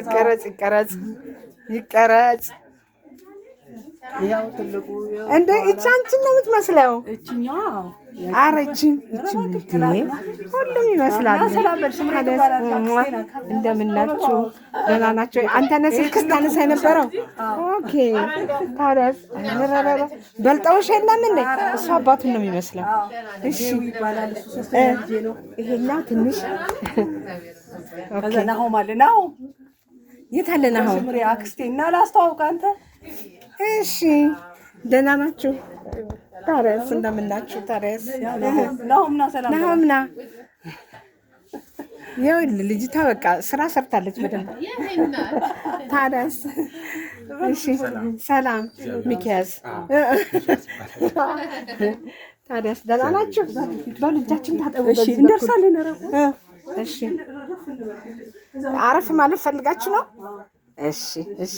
ይቀረጽ ይቀረጽ ይቀረጽ። እንደ እቺ አንቺን ነው የምትመስለው። ኧረ እቺን ሁሉም ይመስላል። እንደምናችሁ ደህና ናቸው። አንተ ነህ ስልክ ስታነሳ የነበረው። ኦኬ ታዲያስ በልጠውሽ የለም እንደ እሱ አባቱን ነው የሚመስለው። እሺ ይሄኛው ትንሽ ናሆም አለ ናሆም የት አለን አሁን? አክስቴ እና ላስተዋውቅ አንተ። እሺ ደህና ናችሁ? ታዲያስ እንደምናችሁ? ታዲያስ ናሆምና ይኸውልህ ልጅቷ በቃ ስራ ሰርታለች በደንብ። ታዲያስ እሺ፣ ሰላም ሚኪያዝ፣ ታዲያስ ደህና ናችሁ? በልጃችን ታጠቡ። እንደርሳለን። እሺ አረፍ ማለት ፈልጋችሁ ነው? እሺ፣ እሺ።